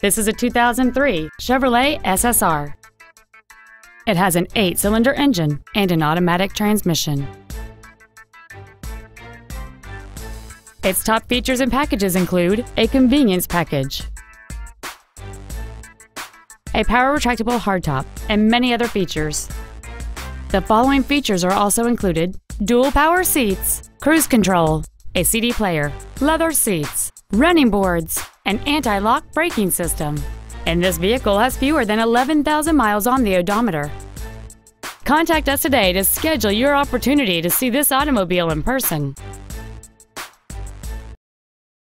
This is a 2003 Chevrolet SSR. It has an eight-cylinder engine and an automatic transmission. Its top features and packages include a convenience package, a power retractable hardtop, and many other features. The following features are also included dual power seats, cruise control, a CD player, leather seats, running boards, an anti-lock braking system. And this vehicle has fewer than 11,000 miles on the odometer. Contact us today to schedule your opportunity to see this automobile in person.